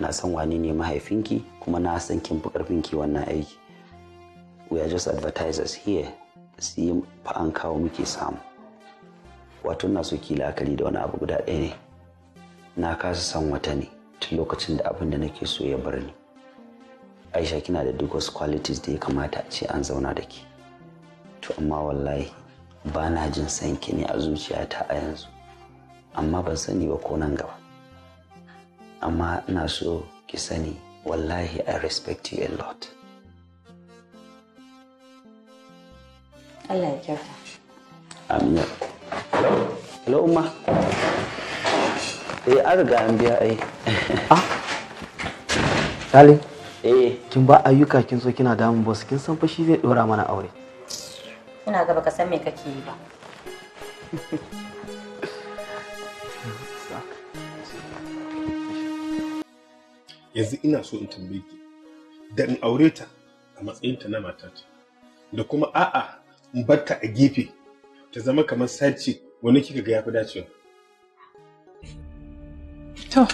na san wani ne mahaifinki kuma na san kin fi karfinki wannan aiki we are just advertisers here su yi fa'an kawo muke samu wato na so ki la'akari da wani abu guda ɗaya ne na kasa san wata ne tun lokacin da abin da nake so ya bar ni aisha kina da duk wasu qualities da ya kamata a ce an zauna da ke. to amma wallahi ba na jin san ne a zuciyata a yanzu amma ban sani ba ko nan gaba amma ina so ki sani wallahi I respect you a lot. Allah ya kyauta. Amina. Hello, Umma. Eh, an riga an biya ai. Ah? Sale? Eh. Kin ba ayyuka kin so kina damun boss kin san fa shi zai dora mana aure. Ina ga baka san me kake yi ba. yanzu ina so in tambaye ki da in aure ta a matsayin ta na matata da kuma a'a in bar ta a gefe ta zama kamar sarci wani kika ga yafi dacewa to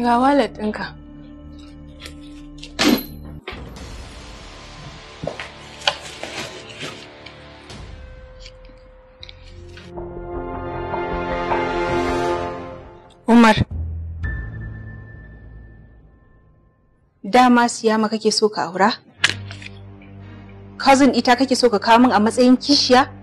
ga wallet ɗinka Umar. dama siyama kake so ka aura cousin ita kake so ka kawo min a matsayin kishiya